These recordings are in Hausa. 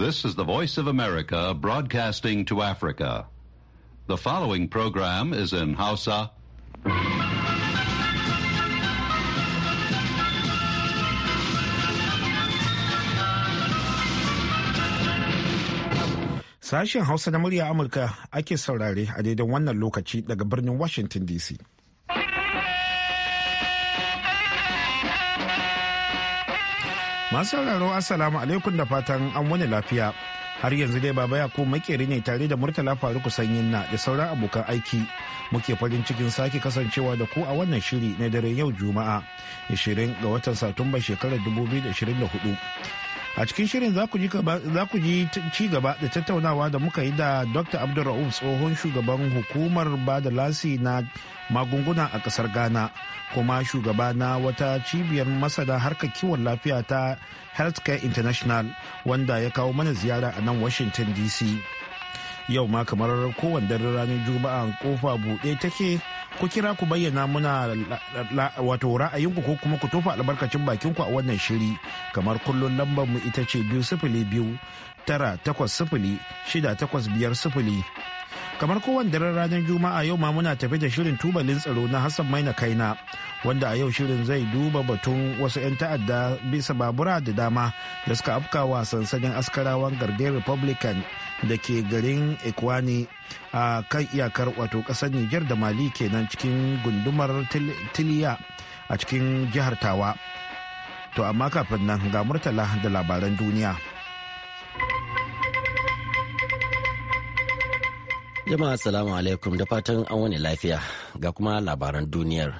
This is the Voice of America broadcasting to Africa. The following program is in Hausa. Sashen Hausa na murya Amurka ake saurare a daidai wannan lokaci daga birnin Washington DC. Masu sauraro Assalamu alaikum da fatan an wani lafiya. Har yanzu dai Baba Yakub makeri ne tare da Murtala Faruku Sanyin na da sauran abokan aiki. Muke farin cikin sake kasancewa da ku a wannan shiri na daren yau Juma'a 20 ga watan Satumba shekarar 2024. a cikin shirin za ku ji ci gaba da tattaunawa da muka yi da dr abdulra'uf tsohon shugaban hukumar bada da lasi na magunguna a kasar ghana kuma shugaba na wata cibiyar masana harkar kiwon lafiya ta healthcare international wanda ya kawo mana ziyara a nan washington dc yau ma kamar kowane dare ranar juma'a kofa buɗe take ku kira ku bayyana muna wato ra'ayinku ko kuma ku tofa albarkacin ku a wannan shiri kamar kullum lambar mu ita ce biyu sifili biyu tara takwas sifili shida takwas biyar sifili kamar kowane daren ranar juma'a yau ma muna tafi da shirin tubalin tsaro na hassan maina kaina wanda a yau shirin zai duba batun wasu 'yan ta'adda bisa babura da dama da suka afkawa sansanin askarawan garde republican da ke garin ikwani a kan iyakar wato kasar niger da mali kenan cikin gundumar tiliya a cikin jihar tawa to amma kafin nan ga murtala da labaran duniya Jama'a salamu alaikum da fatan an wani lafiya ga kuma labaran duniyar.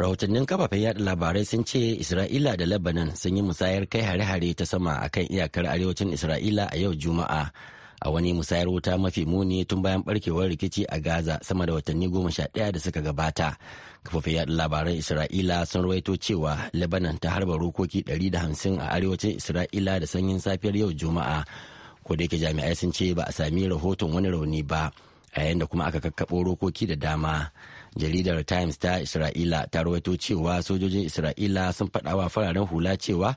Rahotannin kafafen yada labarai sun ce Isra'ila da Lebanon sun yi musayar kai hare-hare ta sama akan iyakar arewacin Isra'ila a yau Juma'a a wani musayar wuta mafi muni tun bayan barkewar rikici a Gaza sama da watanni goma sha ɗaya da suka gabata. Kafafen yada labaran Isra'ila sun rawaito cewa Lebanon ta harba rokoki hamsin a arewacin Isra'ila da sanyin safiyar yau Juma'a. ko da yake jami'ai sun ce ba a sami rahoton wani rauni ba a yayin da kuma aka kakkaɓo rokoki da dama jaridar times ta isra'ila ta rawaito cewa sojojin isra'ila sun faɗa wa fararen hula cewa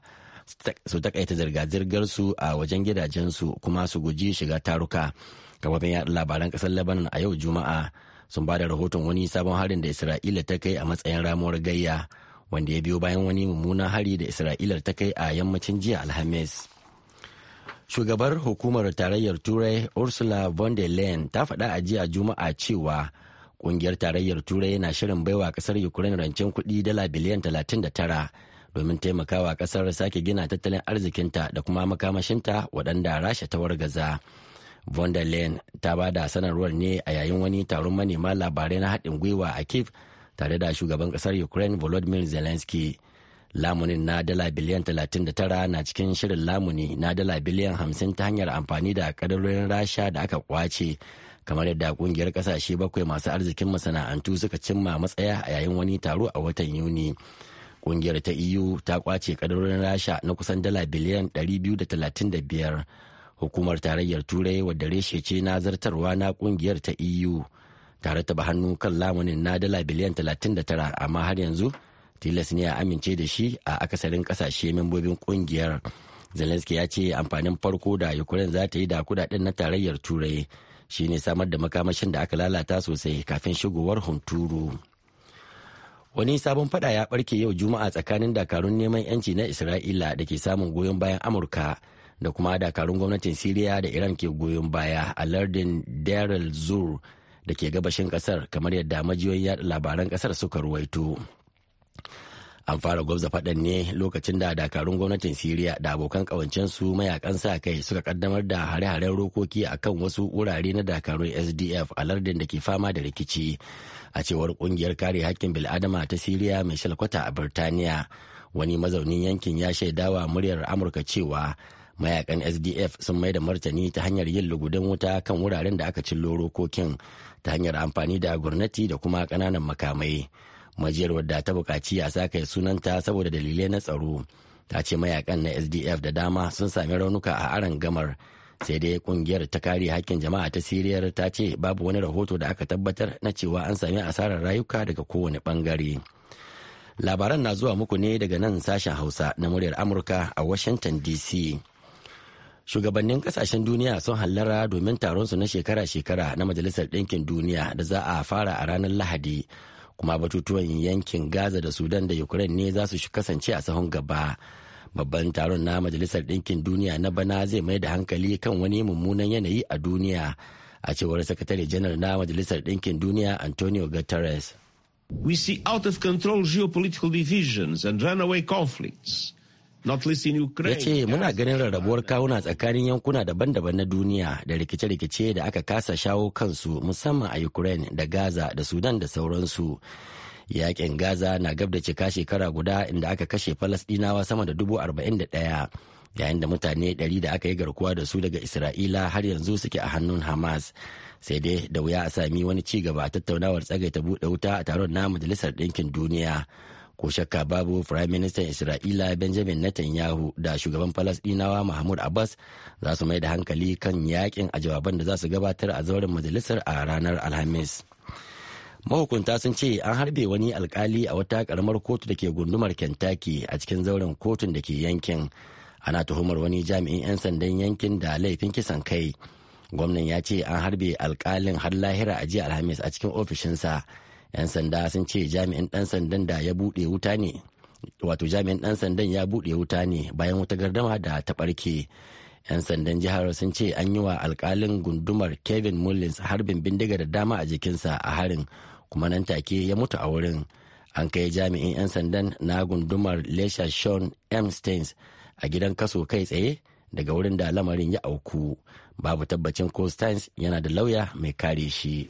su takaita zirga-zirgar su a wajen gidajensu kuma su guji shiga taruka kafafen yaɗa labaran ƙasar lebanon a yau juma'a sun ba da rahoton wani sabon harin da isra'ila ta kai a matsayin ramuwar gayya wanda ya biyo bayan wani mummunan hari da isra'ila ta kai a yammacin jiya alhamis shugabar hukumar tarayyar turai ursula von der leyen ta faɗa a jiya juma'a cewa kungiyar tarayyar turai na shirin baiwa kasar ukraine rancen kuɗi dala biliyan 39 domin taimakawa kasar sake gina tattalin arzikinta da kuma makamashinta waɗanda rasha ta wargaza von der leyen ta ba da sanarwar ne a yayin wani taron manema labarai na haɗin gwiwa a kiev tare da shugaban kasar ukraine volodymyr zelensky lamunin na dala biliyan 39 na cikin shirin lamuni na dala biliyan 50 ta hanyar amfani da kadarorin rasha da aka kwace kamar yadda kungiyar kasashe bakwai masu arzikin masana'antu suka cimma matsaya a yayin wani taro a watan yuni kungiyar ta eu ta kwace kadarorin rasha na kusan dala biliyan 235 hukumar tarayyar turai wadda reshe ce na zartarwa na kungiyar ta eu tare ta hannu kan lamunin na dala biliyan 39 amma har yanzu tilas ne a amince da shi a akasarin kasashe membobin kungiyar zelensky ya ce amfanin farko da ukraine za ta yi da kudaden na tarayyar turai shine samar da makamashin da aka lalata sosai kafin shigowar hunturu wani sabon fada ya barke yau juma'a tsakanin dakarun neman yanci na isra'ila da ke samun goyon bayan amurka da kuma dakarun gwamnatin siriya da iran ke goyon baya a lardin daryl zur da ke gabashin kasar kamar yadda majiyoyi yada labaran kasar suka ruwaito an fara gwabza faɗan ne lokacin da dakarun gwamnatin siriya da abokan ƙawancensu mayakan sa kai suka kaddamar da hare-haren rokoki a kan wasu wurare na dakarun sdf a lardin da ke fama da rikici a cewar ƙungiyar kare hakkin bil'adama ta siriya mai shalkwata a birtaniya wani mazaunin yankin ya shaidawa muryar amurka cewa mayakan sdf sun mai da martani ta hanyar yin lugudin wuta kan wuraren da aka cillo rokokin ta hanyar amfani da gwamnati da kuma ƙananan makamai majiyar wadda ta buƙaci a sake sunanta saboda dalilai na tsaro ta ce mayakan na sdf da dama sun sami raunuka a aron gamar sai dai kungiyar ta kare hakkin jama'a ta siriyar ta ce babu wani rahoto da aka tabbatar na cewa an sami asarar rayuka daga kowane bangare labaran na zuwa muku ne daga nan sashen hausa na muryar amurka a washington dc shugabannin kasashen duniya sun hallara domin taron su na shekara-shekara na majalisar ɗinkin duniya da za a fara a ranar lahadi kuma batutuwan yankin gaza da sudan da ukraine ne za su kasance a sahun gaba babban taron na majalisar ɗinkin duniya na bana zai mai da hankali kan wani mummunan yanayi a duniya a cewar sakatare janar na majalisar ɗinkin duniya antonio guterres we see out of control geopolitical divisions and runaway conflicts ya ce muna ganin rarrabuwar kawuna tsakanin yankuna daban-daban na duniya da rikice-rikice da aka kasa shawo kansu musamman a ukraine da gaza da sudan da sauransu yakin gaza na gab da cika shekara guda inda aka kashe falasdinawa sama da dubu arba'in da ɗaya yayin da mutane ɗari da aka yi garkuwa da su daga isra'ila har yanzu suke a hannun hamas sai dai da wuya a sami wani ci gaba a tattaunawar tsagaita buɗe wuta a taron na majalisar ɗinkin duniya ko shakka babu prime minister isra'ila benjamin netanyahu da shugaban falasdinawa mahmud abbas za su mai da hankali kan yakin a jawaban da za su gabatar a zauren majalisar a ranar alhamis mahukunta sun ce an harbe wani alkali a wata karamar kotu da ke gundumar kentucky a cikin zauren kotun da ke yankin ana tuhumar wani jami'in 'yan sandan yankin da laifin kisan kai gwamnan ya ce an harbe alkalin har lahira a jiya alhamis a cikin ofishinsa 'yan sanda sun ce jami'in dan sandan da ya buɗe wuta ne wato jami'in ɗan sandan ya buɗe wuta ne bayan wata gardama da ta ɓarke 'yan sandan jihar sun ce an yi wa alkalin gundumar kevin mullins harbin bindiga da dama a jikinsa a harin kuma nan take ya mutu a wurin an kai jami'in 'yan sandan na gundumar lesha shawn m steins a gidan kaso kai tsaye daga wurin da lamarin ya auku babu tabbacin ko steins yana da lauya mai kare shi.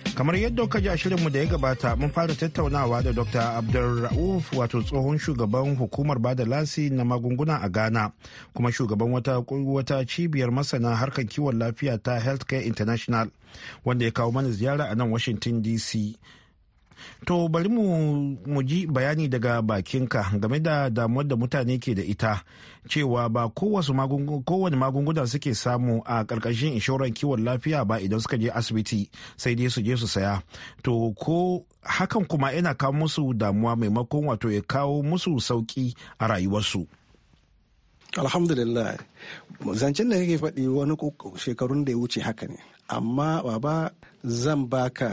kamar yadda ka ji a shirinmu da ya gabata mun fara tattaunawa da dr abdulra'uf wato tsohon shugaban hukumar bada lasi na magunguna a ghana kuma shugaban wata wata cibiyar masana harkar kiwon lafiya ta healthcare international wanda ya kawo mana ziyara a nan washington dc To bari mu ji bayani daga bakinka game da damuwar da mutane ke da ita cewa ba kowane magunguna suke samu a ƙarƙashin inshorar kiwon lafiya ba idan suka je asibiti sai dai su je su saya. To ko hakan kuma yana kawo musu damuwa maimakon wato ya kawo musu sauki a rayuwarsu. Alhamdulillah, zancen da yake faɗi wani shekarun da ya wuce haka ne. amma baba zan baka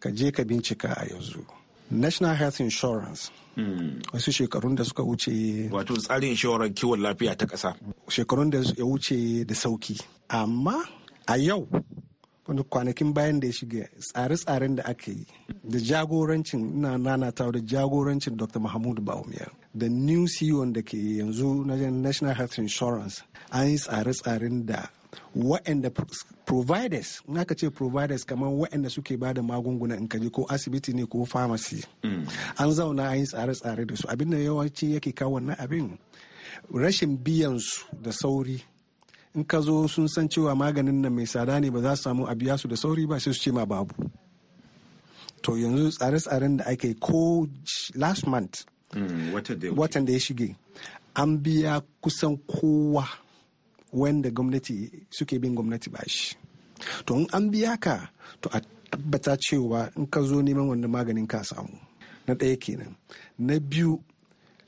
ka je ka bincika a yanzu national health insurance hmm. wasu shekarun da suka wuce wato tsarin inshorar kiwon lafiya ta ƙasa shekarun da ya wuce da sauki amma a yau wani kwanakin bayan da ya shiga tsare-tsaren da aka yi da jagorancin ina nanatawa da jagorancin dr mahmud baumiyar da new ceo da ke yanzu na national health insurance an yi tsare-tsaren da waɗanda providers in aka ce providers kamar waɗanda suke ba da magunguna in kaji ko asibiti ne ko pharmacy mm. an zauna an yi tsare-tsare da su abin da yawanci yake kawo na abin rashin biyan su da sauri in ka zo sun san cewa maganin nan mai tsada ne ba za su samu a biya su da sauri ba sai su ce ma babu to yanzu tsare-tsaren da ake ko last month mm, watan da ya shige an biya kusan kowa wanda gwamnati suke bin gwamnati bashi to in an biya ka to a tabbata cewa in ka zo neman wanda maganin ka samu na ɗaya kenan na biyu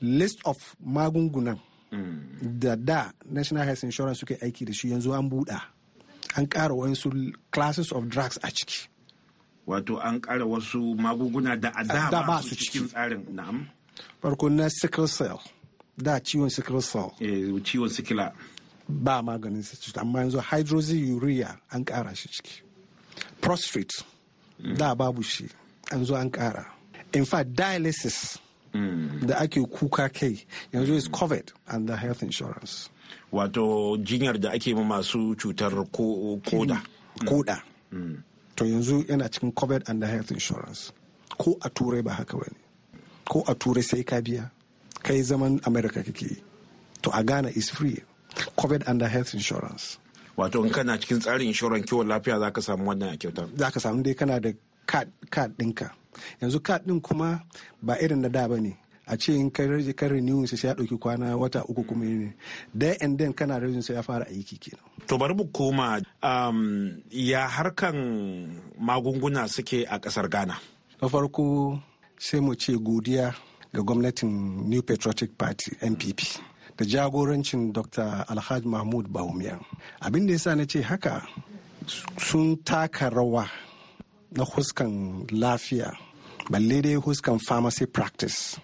list of magungunan da da national health insurance suke aiki da shi yanzu an buɗa an ƙara wasu classes of drugs a ciki wato an ƙara wasu magunguna da a da ba su cikin tsarin na'am farko na sickle cell da ciwon sickle cell eh, ciwon sikila ba maganin cuta amma yanzu hydroxyurea an kara shi ciki prostrate mm. da babu shi an zo an kara in fact dialysis mm. da ake kuka kai yanzu is covered under health insurance wato jinyar da ake ma masu cutar koda mm. koda to yanzu yana cikin covered under health insurance ko a turai ba haka bane ko a turai sai ka biya kai zaman america kake yi to a ghana is free covid under health insurance wato in kana cikin tsarin inshoran kiwon lafiya za ka samu wannan a kyauta za ka samu dai kana da kad ɗinka yanzu kad ɗin kuma ba irin na da ba ne a ce in kai rage kan renewing sai ya ɗauki kwana wata uku kuma ne day and then kana rage sai ya fara aiki kenan to bari mu koma um, ya harkan magunguna suke a kasar ghana na farko sai mu ce godiya ga gwamnatin new patriotic party npp da jagorancin dr alhaji mahmud bahumiya abin da yasa na ce haka sun taka rawa na huskan lafiya balle dai huskan pharmacy practice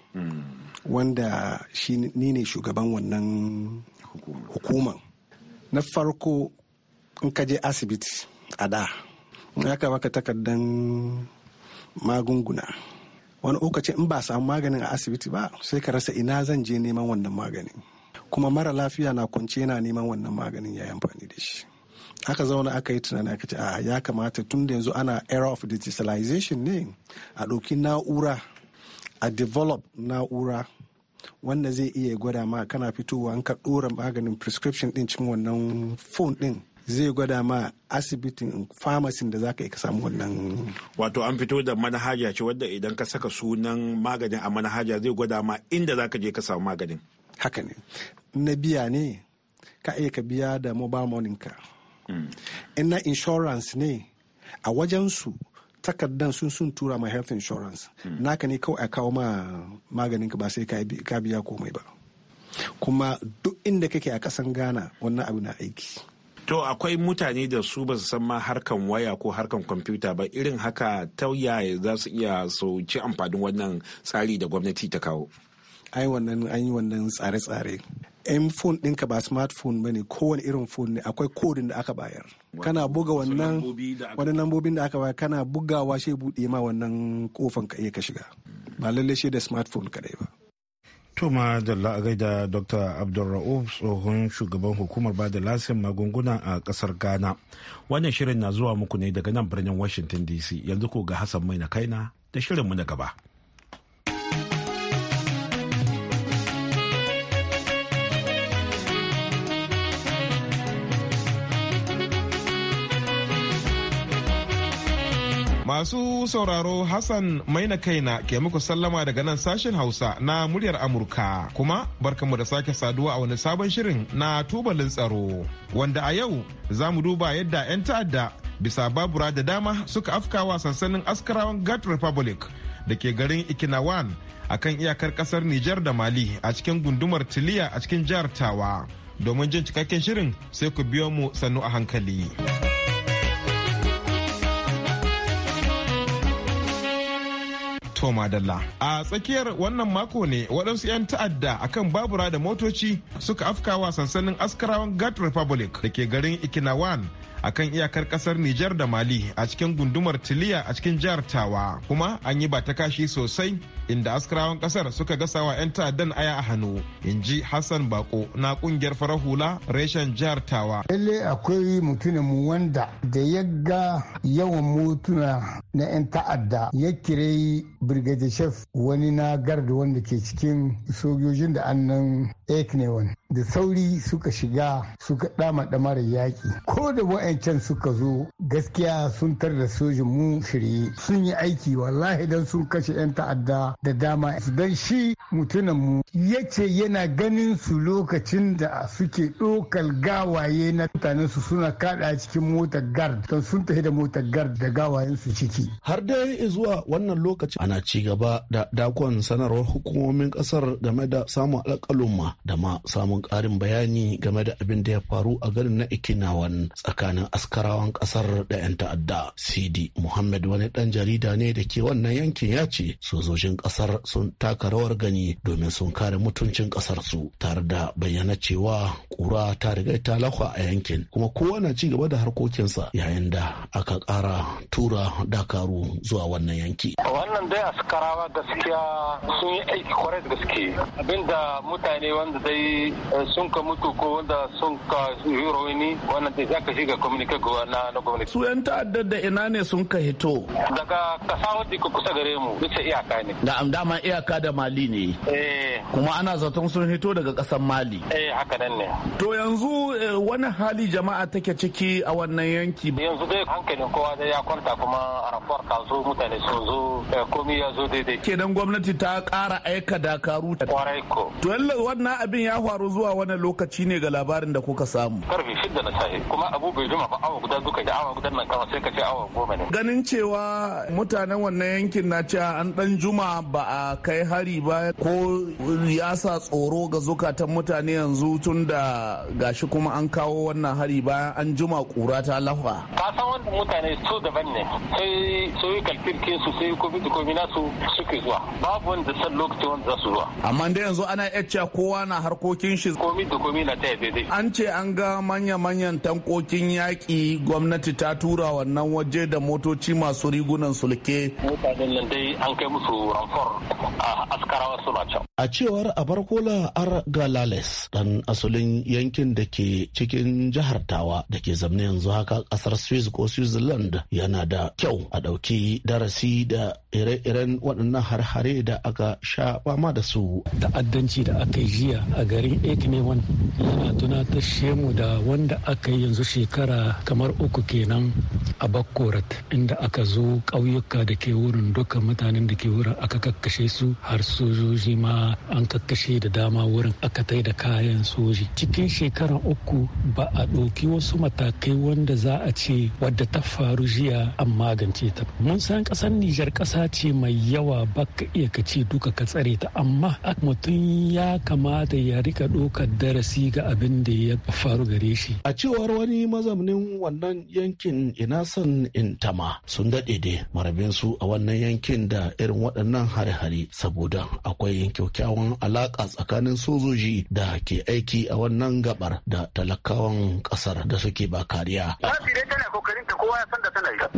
wanda shi ni ne shugaban wannan hukuman na farko in ka je asibiti a da ya ka baka takardar magunguna wani lokaci in ba samu maganin a asibiti ba sai ka rasa ina zan je neman wannan maganin kuma mara lafiya na kwance yana neman wannan maganin ya yi amfani da shi aka zauna aka yi tunani aka ce a ah, ya kamata tun da yanzu ana era of digitalization ne a ɗauki na'ura a develop na'ura wanda zai iya gwada ma kana fitowa an ka ɗora maganin prescription ɗin cikin wannan phone ɗin zai gwada ma asibitin Pharmacy da zaka ka samu wannan wato an fito da manhaja ce wadda idan ka saka sunan maganin a manhaja zai gwada ma inda zaka je ka samu maganin haka ne na biya ne ka iya ka biya da mobile money ka hmm. in na insurance ne a wajensu takardan sun sun tura ma health insurance hmm. naka ne kawai a kawo ma maganin ka ba sai ka biya komai ba kuma duk inda kake a kasan ghana wannan abu na aiki To akwai mutane da su ba su san ma harkan waya ko harkan kwamfuta ba irin haka ta yaya za su iya sauci amfanin wannan tsari da gwamnati ta kawo. ai wannan an yi wannan tsare-tsare m phone ɗinka ba smartphone bane kowane irin phone ne akwai kodin da aka bayar kana buga wannan wani lambobin da aka bayar kana bugawa shi buɗe ma wannan kofan ka iya ka shiga ba lalle shi da smartphone kadai ba Toma Jalla a gaida Dr. Abdulra'uf tsohon shugaban hukumar ba da lasin magunguna a kasar Ghana. Wannan shirin na zuwa muku ne daga nan birnin Washington DC yanzu ko ga Hassan Mai na kaina da shirinmu na gaba. Masu sauraro Hassan maina kaina ke muku sallama daga nan sashen Hausa na muryar Amurka kuma barkanmu da sake saduwa a wani sabon shirin na tubalin tsaro wanda a yau za mu duba yadda 'yan ta'adda bisa babura da dama suka afkawa sansanin askarawan Gat Republic da ke garin Ikinawan a kan iyakar kasar Nijar da Mali a cikin gundumar Tiliya a cikin jihar Tawa. Domin jin cikakken shirin sai ku biyo mu sannu a hankali. toma Madalla. A tsakiyar wannan mako ne waɗansu 'yan ta'adda akan babura da motoci suka afkawa sansanin askarawan Gat Republic da ke garin Ikinawan a kan iyakar kasar Nijar da Mali a cikin gundumar Tiliya a cikin jihar Tawa kuma an yi bata kashi sosai inda askarawan kasar suka gasa wa 'yan ta'addan aya a hannu in ji Hassan Bako na kungiyar farar hula reshen jihar Tawa. Lalle akwai mutumin mu wanda da ya ga yawan mutuna na 'yan ta'adda ya kire Brigadier Chef wani na garda wanda ke cikin sojojin da annan Ekne wani. da sauri suka shiga suka dama damar yaƙi ko da wa'ancan suka zo gaskiya sun tar da sojin mu shirye sun yi aiki wallahi idan sun kashe 'yan ta'adda da dama don shi mutunan mu ya ce yana ganin su lokacin da suke ɗokal gawaye na mutanen su suna kada cikin motar gard don sun tafi da motar gard da gawayen su ciki har dai zuwa wannan lokacin ana ci gaba da dakon sanarwar hukumomin kasar game da samun alƙaluma da ma samun domin ƙarin bayani game da abin da ya faru a garin na Ikinawan tsakanin askarawan kasar da 'yan ta'adda. Sidi Muhammad wani ɗan jarida ne da ke wannan yankin ya ce sojojin ƙasar sun taka rawar gani domin sun kare mutuncin kasar su tare da bayyana cewa kura ta riga ta lakwa a yankin kuma kowa na ci gaba da harkokinsa yayin da aka kara tura dakaru zuwa wannan yanki. Wannan dai askarawa gaskiya sun yi aiki kwarai gaske abinda mutane wanda dai Eh, sun ka mutu ko wanda sun ka rauni wannan da zaka ka shiga communique na na gwamnati. Su 'yan ta'addar da ina ne sun ka hito? Daga kasa wadda ka kusa gare mu bisa iyaka ne. Da dama iyaka da Mali ne. Eh. Kuma ana zaton sun hito daga kasan Mali. Eh haka nan ne. To yanzu eh, wani hali jama'a take ciki a wannan yanki. Yanzu dai hankalin kowa dai ya kwanta kuma a rafuwar ta zo mutane sun zo eh, komi ya zo daidai. Kenan gwamnati ta ƙara aika dakaru. Kwarai ko. To wannan abin ya faru zuwa wani lokaci ne ga labarin da kuka samu karfe shida na safe kuma abu bai zuma ba awa guda duka da awa guda nan kama sai ka ce awa goma ne ganin cewa mutanen wannan yankin na cewa an dan juma ba a kai hari ba ko ya sa tsoro ga zukatan mutane yanzu tun da gashi kuma an kawo wannan hari bayan an juma kura ta lafa ka san wannan mutane su daban ne sai su yi kalfin su sai komi da komi nasu suke zuwa babu wanda san lokacin wanda za su zuwa amma dai yanzu ana yacca kowa na harkokin shi shi komi da komi na ta daidai an ce an ga manya-manyan tankokin yaƙi gwamnati ta tura wannan waje da motoci masu rigunan sulke mutanen nan dai an kai musu ramfor a askarawa suna can a cewar abarkola ar galales dan asalin yankin da ke cikin jihar tawa da ke zamne yanzu haka kasar swiss ko switzerland yana da kyau a ɗauki darasi da ire-iren waɗannan har-hare da aka sha fama da su. Ta'addanci da aka yi jiya a garin Eknewan yana tunatar shemu da wanda aka yi yanzu shekara kamar uku kenan a Bakkorat inda aka zo ƙauyuka da ke wurin dukkan mutanen da ke wurin aka kakkashe su har sojoji ma an kakkashe da dama wurin aka tai da kayan soji. Cikin shekaran uku ba a ɗauki wasu matakai wanda za a ce wadda ta faru jiya an magance ta. Mun san ƙasar Nijar ƙasa ƙasa ce mai yawa ba ka iya ka ce duka ka tsare ta amma mutum ya kamata ya rika ɗaukar darasi ga abin da ya faru gare shi. A cewar wani mazaunin wannan yankin Inasan Intama sun daɗe da marabin su a wannan yankin da irin waɗannan hare-hare saboda akwai kyakkyawan alaƙa tsakanin sojoji da ke aiki a wannan gabar da talakawan ƙasar da suke ba kariya.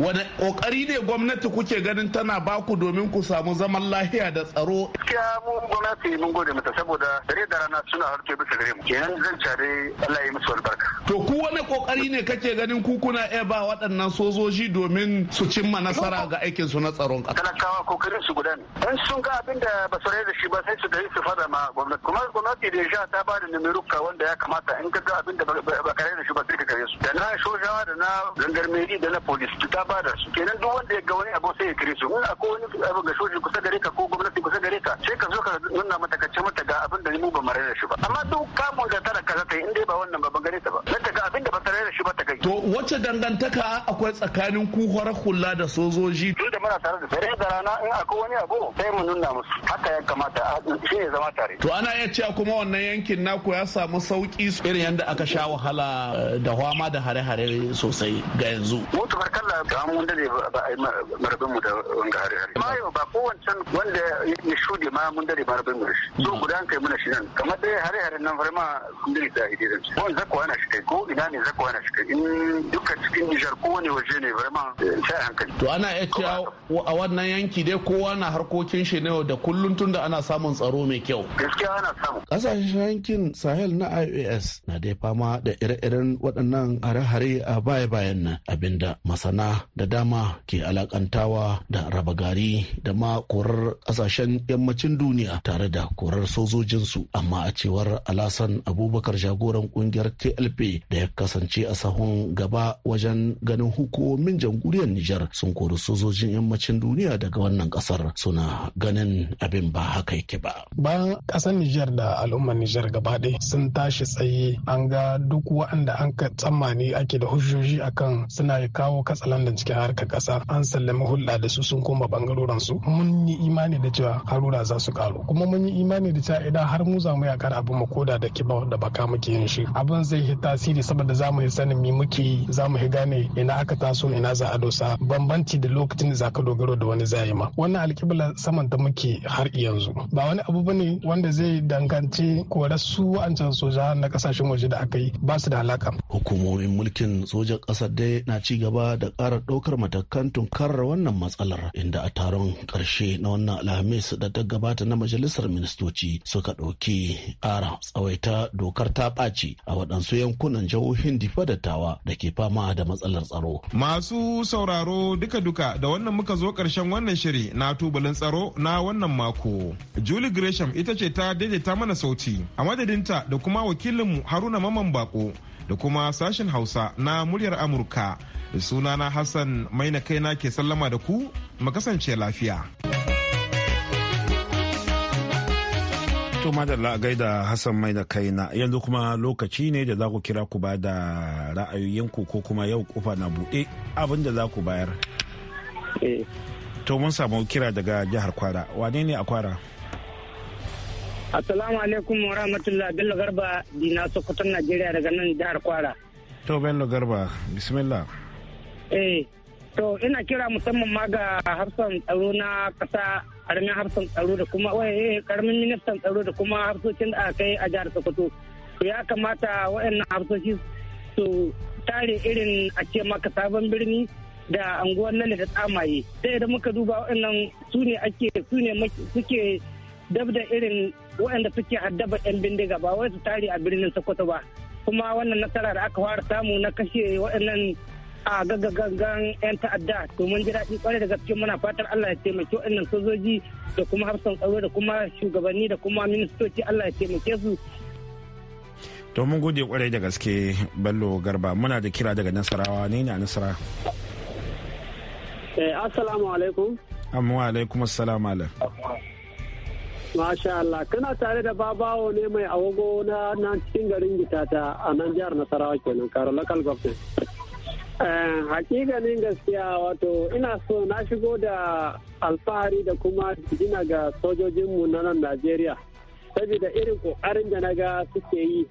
Wani ƙoƙari ne gwamnati kuke ganin tana ba baku domin ku samu zaman lafiya da tsaro. Gaskiya mun gwamnati mun gode mata saboda dare da rana suna harke bisa gare mu. Kenan zan care Allah ya musu albarka. To ku wani kokari ne kake ganin ku kuna iya ba waɗannan sojoji domin su cimma nasara ga aikin su na tsaron ƙasa. Talakawa kokarin su guda ne. In sun ga abin da ba su da shi ba sai su gari su fada ma gwamnati. Kuma gwamnati da ya ta ba da ka wanda ya kamata in ka ga abin da ba ka da shi ba sai ka kare su. Da na shojawa da na gangarmeri da na polis ta ba da su. Kenan duk wanda ya ga wani abu sai ya kare su. ko wani abu ga soji kusa gare ka ko gwamnati kusa gare ka sai ka zo ka nuna mata ka ce mata ga abin da mu ba mu da shi ba amma duk kamun da tara kaza ta yi in dai ba wannan ba ban gare ta ba nan ta ga abin da ba ta da shi ba ta kai to wacce dangantaka akwai tsakanin ku horar kula da sojoji duk da muna tare da dare da rana in akwai wani abu sai mu nuna musu haka ya kamata shi ne zama tare to ana iya cewa kuma wannan yankin naku ya samu sauki irin yadda aka sha wahala eh, da hwama da hare-hare sosai ga yanzu. Mutu barkalla ga mun ba a yi marabin mu da wanga hare hare ma yau ba kowancan wanda ya shuɗe ma mun dare ba rabin gurshi so hmm. guda an kai mana shi nan kamar dai hare hare nan farma sun dare da ide zan ko zakwa ana shi kai ko ina ne zakwa ana shi kai in duka cikin Nijar ko wani waje ne farma eh, sai hankali to ana iya cewa a wannan yanki dai kowa na harkokin shi ne da kullun tunda ana samun tsaro mai kyau gaskiya ana samu kasashen yankin Sahel na IOS na dai fama da ire-iren waɗannan hare-hare a baya-bayan nan abinda masana da dama ke alakantawa da raba gari da ma korar kasashen yammacin duniya tare da korar sojojinsu amma a cewar alasan abubakar jagoran kungiyar tlp da ya kasance a sahun gaba wajen ganin hukumomin jamhuriyar nijar sun kori sojojin yammacin duniya daga wannan kasar suna ganin abin ba haka yake ba bayan kasar nijar da al'ummar nijar gaba ɗaya sun tashi tsaye an ga duk waɗanda an ka tsammani ake da hujjoji akan suna kawo katsalandan cikin harkar kasa an sallami hulɗa da su sun koma bangarorin su mun yi imani da cewa harura za su karu kuma mun yi imani da cewa idan har mu za mu kara abin mu koda da kiba da baka muke yin shi abin zai yi tasiri saboda za mu yi sanin mi muke yi za mu yi gane ina aka taso ina za a dosa bambanci da lokacin da za ka dogaro da wani zai ma wannan alƙibla saman ta muke har yanzu ba wani abu bane wanda zai danganci korar su wa'ancan soja na kasashen waje da aka yi ba su da alaka hukumomin mulkin sojan kasar dai na ci gaba da ƙara ɗaukar matakan tunkarar wannan matsalar inda a taron ƙarshe na wannan alhamis da ta gabata na majalisar ministoci suka ɗauki ƙara tsawaita dokar ta ɓaci a waɗansu yankunan jihohin difa da tawa da ke fama da matsalar tsaro. Masu sauraro duka-duka da wannan muka zo ƙarshen wannan shiri na tubalin tsaro na wannan mako. Julie Gresham ita ce ta daidaita mana sauti a madadinta da kuma wakilinmu Haruna Maman Bako. da kuma sashen hausa na muryar amurka sunana hassan maina kaina ke sallama da ku makasance lafiya la madalla gaida hassan maina kaina yanzu kuma lokaci ne da za ku kira ku ba da ra'ayoyinku ko kuma yau kufa na buɗe abin da za ku bayar eh. to mun samu kira daga jihar kwara wane ne a kwara Assalamu alaikum wa rahmatullah Bello Garba dina Sokoton Najeriya daga nan jihar Kwara. To Bello Garba, bismillah. Eh, to ina kira musamman ma ga hafsan tsaro na kasa karamin hafsan tsaro da kuma waye eh, karamin ministan tsaro da kuma hafsocin da aka yi a jihar Sokoto. To ya kamata waɗannan hafsoci su tare irin a ce maka sabon birni da anguwar nan da tsamaye. Sai idan muka duba waɗannan su ne ake su ne suke dab da irin waɗanda suke addaba 'yan bindiga ba wai su tare a birnin sokoto ba kuma wannan nasara da aka fara samu na kashe waɗannan a gaggagangan 'yan ta'adda to mun ji daɗi kwarai da gaske muna fatar Allah ya taimake waɗannan sojoji da kuma hafsan tsaro da kuma shugabanni da kuma ministoci Allah ya taimake su to mun gode kwarai da gaske bello garba muna da kira daga nasarawa ne na nasara eh, assalamu alaikum amma alaikum assalamu alaikum Masha Allah, kana tare da babawo ne mai agogo na nan cikin garin gitata a nan jihar Nasarawa kenan, Karo Local Government. Eh, hakikanin gaskiya wato ina so na shigo da alfahari da kuma gina ga sojojinmu na nan Najeriya. Saboda irin ƙoƙarin da na ga suke yi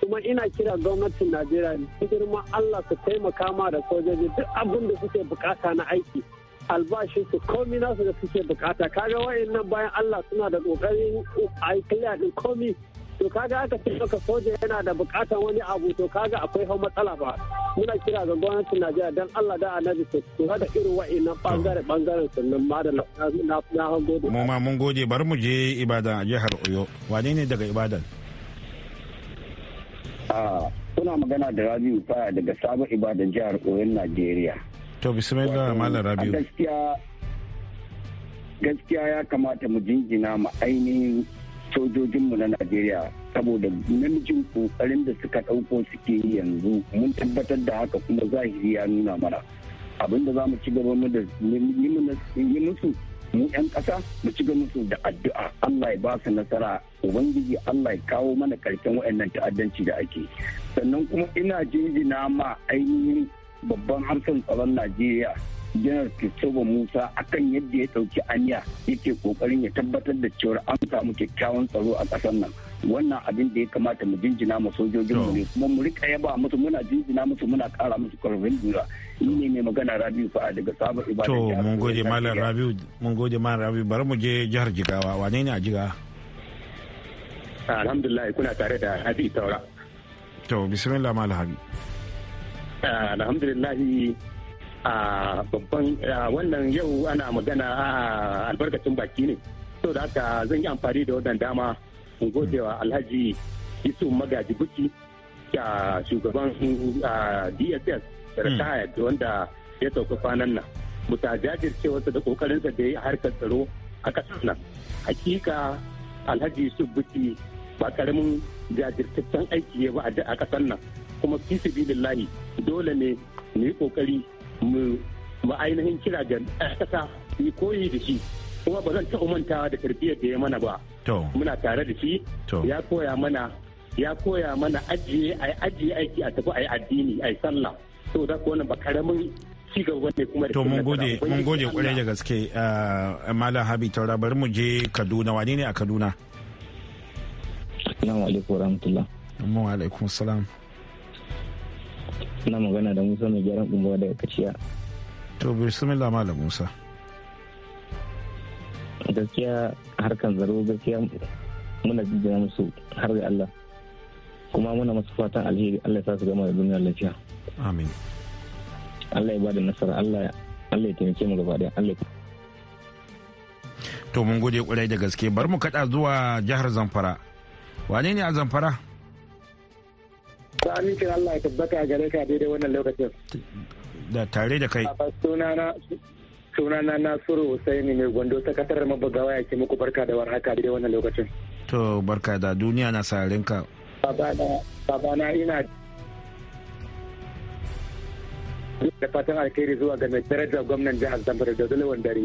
kuma ina kira gwamnatin Najeriya ma Allah su taimaka ma da sojoji duk abin da suke bukata na aiki. albashin su komi nasu da suke bukata kaga nan bayan Allah suna da kokarin ai kiliya din komi to kaga aka ce maka soja yana da bukatar wani abu to kaga akwai hau matsala ba muna kira ga gwamnatin Najeriya dan Allah da Annabi su kula da irin nan bangare bangaren sannan ma da na na gode mu ma mun gode bar mu je Ibadan a jihar Oyo wane ne daga Ibadan a ah, kuna magana da Rabiu Faya daga Sabon Ibadan jihar Oyo Najeriya to bismillah malam rabiu gaskiya gaskiya ya kamata mu jingina ma ainihin sojojinmu na najeriya saboda namijin kokarin da suka ɗauko suke yi yanzu mun tabbatar da haka kuma zahiri ya nuna mana abinda za mu ci gaba mu da yi musu mu 'yan ƙasa mu ci gaba musu da addu'a Allah ya ba su nasara ubangiji Allah ya kawo mana ƙarshen waɗannan ta'addanci da ake sannan kuma ina jinjina ma ainihin babban harkar tsaron najeriya janar Kristoba Musa akan yadda ya ɗauki aniya yake kokarin ya tabbatar da cewar an samu kyakkyawan tsaro a ƙasar nan wannan abin da ya kamata mu jinjina ma sojojin mu ne kuma mu rika yaba musu muna jinjina musu muna ƙara musu ƙarfin jura ni ne mai magana Rabiu fa daga Sabo Ibadan to mun gode malam Rabiu mun gode malam Rabiu bari mu je jihar Jigawa wane ne a Jigawa alhamdulillah kuna tare da Habi Taura to bismillah malam Habib. alhamdulillahi a babban wannan yau ana magana a albarkacin baki ne so da haka zan yi amfani da wannan dama in gode wa alhaji yusuf magaji buki da shugaban dss hmm. da wanda ya sauka kwanan nan muta wasu da kokarinsa da ya harkar tsaro a ƙasar nan hakika alhaji yusuf buki ba karamin jajirtaccen aiki ya ba a ƙasar nan kuma fi sabilillahi dole ne mu yi kokari mu mu ainihin kira ga ƙasa mu koyi da shi kuma ba zan taɓa mantawa da tarbiyyar da ya mana ba muna tare da shi ya koya mana ya koya mana ajiye ajiye aiki a tafi ayi addini ayi sallah to da wannan ba karamin To mun gode mun gode kwarai da gaske eh, Malam Habi Taura bari mu je Kaduna wane ne a Kaduna? Assalamu alaikum rahmatullah assalamu alaikum salam. suna magana da musa mai gyaran unguwa daga kaciya to bismillah malam musa gaskiya harkan zaro gaskiya muna jijjina musu har da allah kuma muna masu fatan alheri allah ya sa su gama da duniyar lafiya amin allah ya ba da nasara allah ya taimake mu gaba daya allah to mun gode kwarai da gaske bar mu kada zuwa jihar zamfara wane ne a zamfara to amincin Allah ya tabbata gare ka daidai wannan lokacin da tare da kai sunana sunana Nasiru Husaini mai gwando sakataren mabugawa ya ke muku barka da warhaka daidai wannan lokacin to barka da duniya na sarin ka babana ina da fatan alkhairi zuwa ga mai darajar gwamnan jihar Zamfara da Zulaiwan dare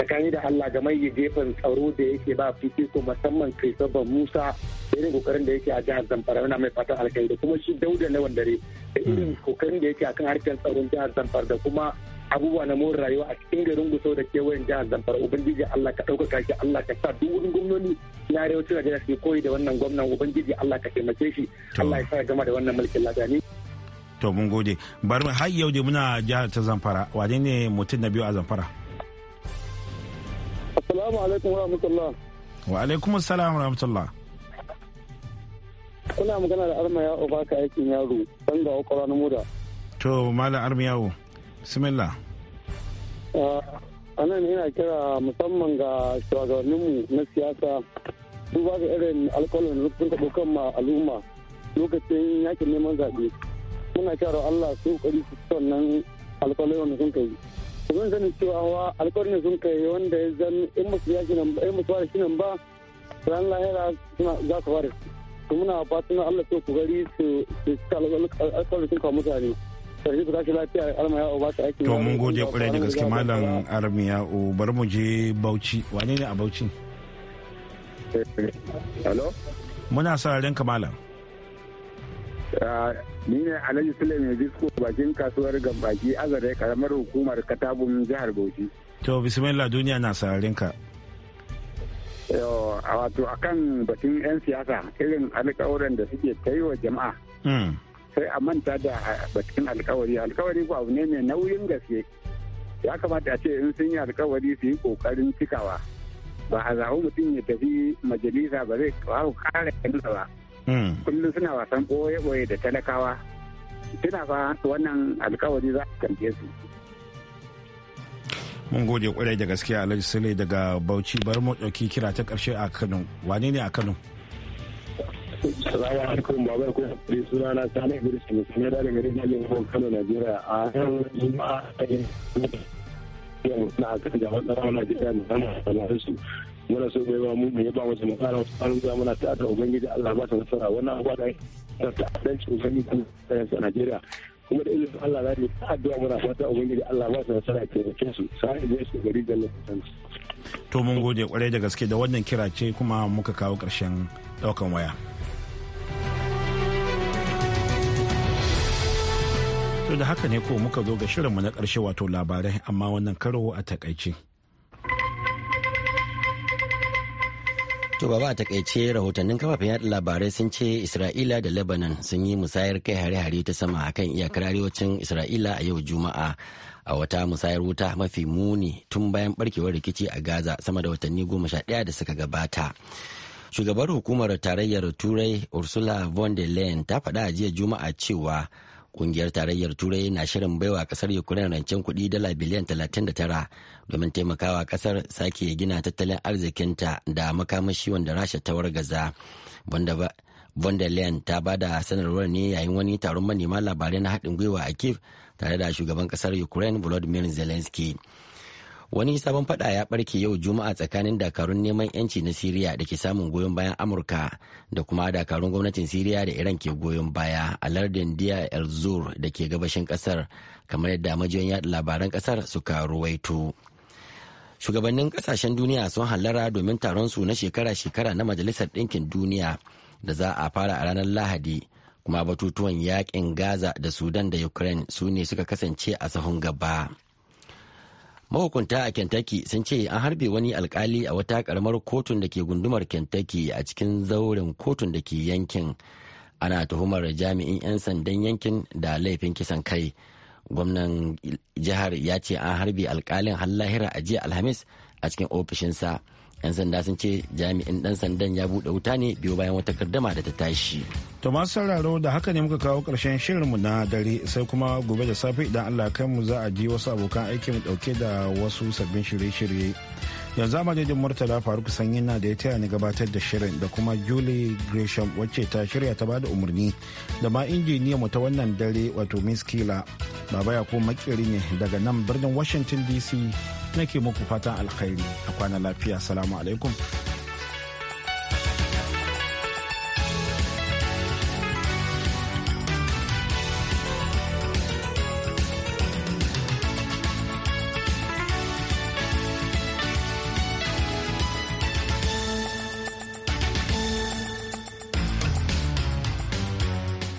tsakani da Allah game da gefen tsaro da yake ba ko musamman Christopher Musa da irin kokarin da yake a jihar Zamfara yana mai fatan alkai da kuma shi Dauda na wandare da irin kokarin da yake akan harkar tsaron jihar Zamfara da kuma abubuwa na more rayuwa a cikin garin Gusau da kewayen jihar Zamfara ubangiji Allah ka dauka kake Allah ka sa duk wani gwamnoni na arewacin da su koyi da wannan gwamnan ubangiji Allah ka taimake shi Allah ya sa gama da wannan mulkin lafiya to mun gode bari har yau da muna jihar ta Zamfara wane ne mutum na biyu a Zamfara Salamu alaikum wa rahmatullah. Wa alaikum salam wa rahmatullah. Kuna magana da arma yawo ba ka aikin yaro ban ga kwakwara na muda. To malam arma yawo. Bismillah. A nan ina kira musamman ga shugabanninmu na siyasa su ba ga irin alkalin da suka ɗaukan ma al'umma lokacin yakin neman zaɓe. Muna kira Allah su ƙari su nan alkalin da sun kai. zan sani cewa wa alkawarin sun kai wanda ya zan in musu ya shi nan in musu ba shi nan ba ran lahira suna za su fara to muna fatan Allah ko ku gari su su alkawarin sun kawo mutane sarki su tashi lafiya almaya ba su aiki to mun gode kwarai da gaske malam armiya o bar mu je bauchi wane ne a bauchi hello muna sauraron ka malam ni ne alhaji sulaiman disko bakin kasuwar gambaki azare karamar hukumar katagun jihar bauchi to bismillah duniya na sararin ka a wato akan batun 'yan siyasa irin alkawuran da suke ta wa jama'a hmm. sai a manta da bakin alkawari alkawari ku abu ne mai nauyin gaske ya kamata a ce in sun yi alkawari su yi kokarin cikawa ba a zaɓi mutum ya tafi majalisa ba zai kawo kare ba Mm. kullum suna wasan ɓoye-ɓoye da talakawa tuna fa wannan alkawari za a kamfe su mun gode kwarai da gaskiya alhaji sule daga bauchi bari mu ɗauki kira ta ƙarshe a kano wane ne a kano Salamu alaikum baba ko kuri suna na sani Idris ne suna da daga rikon yin ko Kano Najeriya a yau juma'a a yin na kan jama'a tsara wani jiya da zama a su muna so mu yaba mu mu yaba mu mu kara wasu ƙarin zuwa muna ta'adar ubangiji Allah ba ta nasara wannan abuwa da ta ta'addanci ubangiji a Najeriya kuma da izinin Allah za mu addu'a muna fata ubangiji Allah ba ta nasara ke da su sai da su gari da to mun gode kwarai da gaske da wannan kira ce kuma muka kawo karshen daukan waya to da haka ne ko muka zo ga shirinmu na karshe wato labarai amma wannan karo a takaice To ba a takaice rahotannin kafafen yaɗa labarai sun ce Isra'ila da Lebanon sun yi musayar kai hare-hare ta sama akan iyakar arewacin Isra'ila a yau Juma'a a wata musayar wuta mafi muni tun bayan barkewar rikici a Gaza sama da watanni goma sha ɗaya da suka gabata. Shugabar hukumar tarayyar Turai Ursula von der Leyen ta faɗa a jiya Juma'a cewa Kungiyar tarayyar Turai na shirin baiwa kasar Ukraine rancen kuɗi dala biliyan 39 domin taimakawa kasar sake gina tattalin arzikinta da makamashi wanda Rasha ta wargaza. Von der Leyen ta ba da sanarwar ne yayin wani taron manema labarai na haɗin gwiwa a Kiev tare da shugaban kasar Ukraine Volodymyr Zelensky. wani sabon fada ya barke yau juma'a tsakanin dakarun neman yanci na siriya da ke samun goyon bayan amurka da kuma dakarun gwamnatin siriya da iran ke goyon baya a lardin diya el zur da ke gabashin kasar kamar yadda majiyoyin yada labaran kasar suka ruwaito shugabannin kasashen duniya sun hallara domin taron su na shekara-shekara na majalisar ɗinkin duniya da za a fara a ranar lahadi kuma batutuwan yakin gaza da sudan da ukraine su ne suka kasance a sahun gaba. mahukunta a kentucky sun ce an harbe wani alkali a wata karamar kotun da ke gundumar kentucky a cikin zauren kotun da ke yankin ana tuhumar jami'in 'yan sandan yankin da laifin kisan kai gwamnan jihar ya ce an harbe alkalin har lahira a jiya alhamis a cikin ofishinsa 'yan sanda sun ce jami'in dan sandan ya bude wuta ne biyo bayan wata kaddama da ta tashi to masu sauraro da haka ne muka kawo ƙarshen shirinmu na dare sai kuma gobe da safe idan allah kai mu za a ji wasu abokan aikin mu ɗauke da wasu sabbin shirye-shirye yanzu a murtala faruk sanyi na da ya taya ni gabatar da shirin da kuma julie gresham wacce ta shirya ta bada umarni da ma injiniya mu ta wannan dare wato miss kila baba ya kuma makiri ne daga nan birnin washington dc nake muku fatan alkhairi a kwana lafiya salamu alaikum